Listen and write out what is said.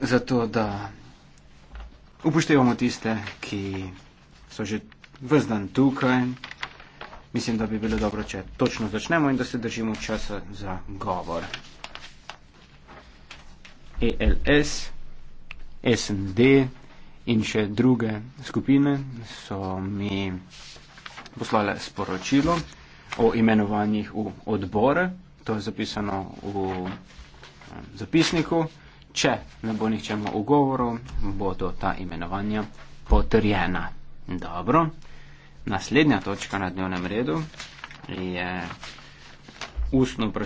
Zato, da upoštevamo tiste, ki so že vzdan tukaj. Mislim, da bi bilo dobro, če točno začnemo in da se držimo časa za govor. ELS, SND in še druge skupine so mi poslale sporočilo o imenovanjih v odbore to je zapisano v eh, zapisniku. Če ne bo ničemu ugovoru, bodo ta imenovanja potrjena. Dobro. Naslednja točka na dnevnem redu je ustno vprašanje.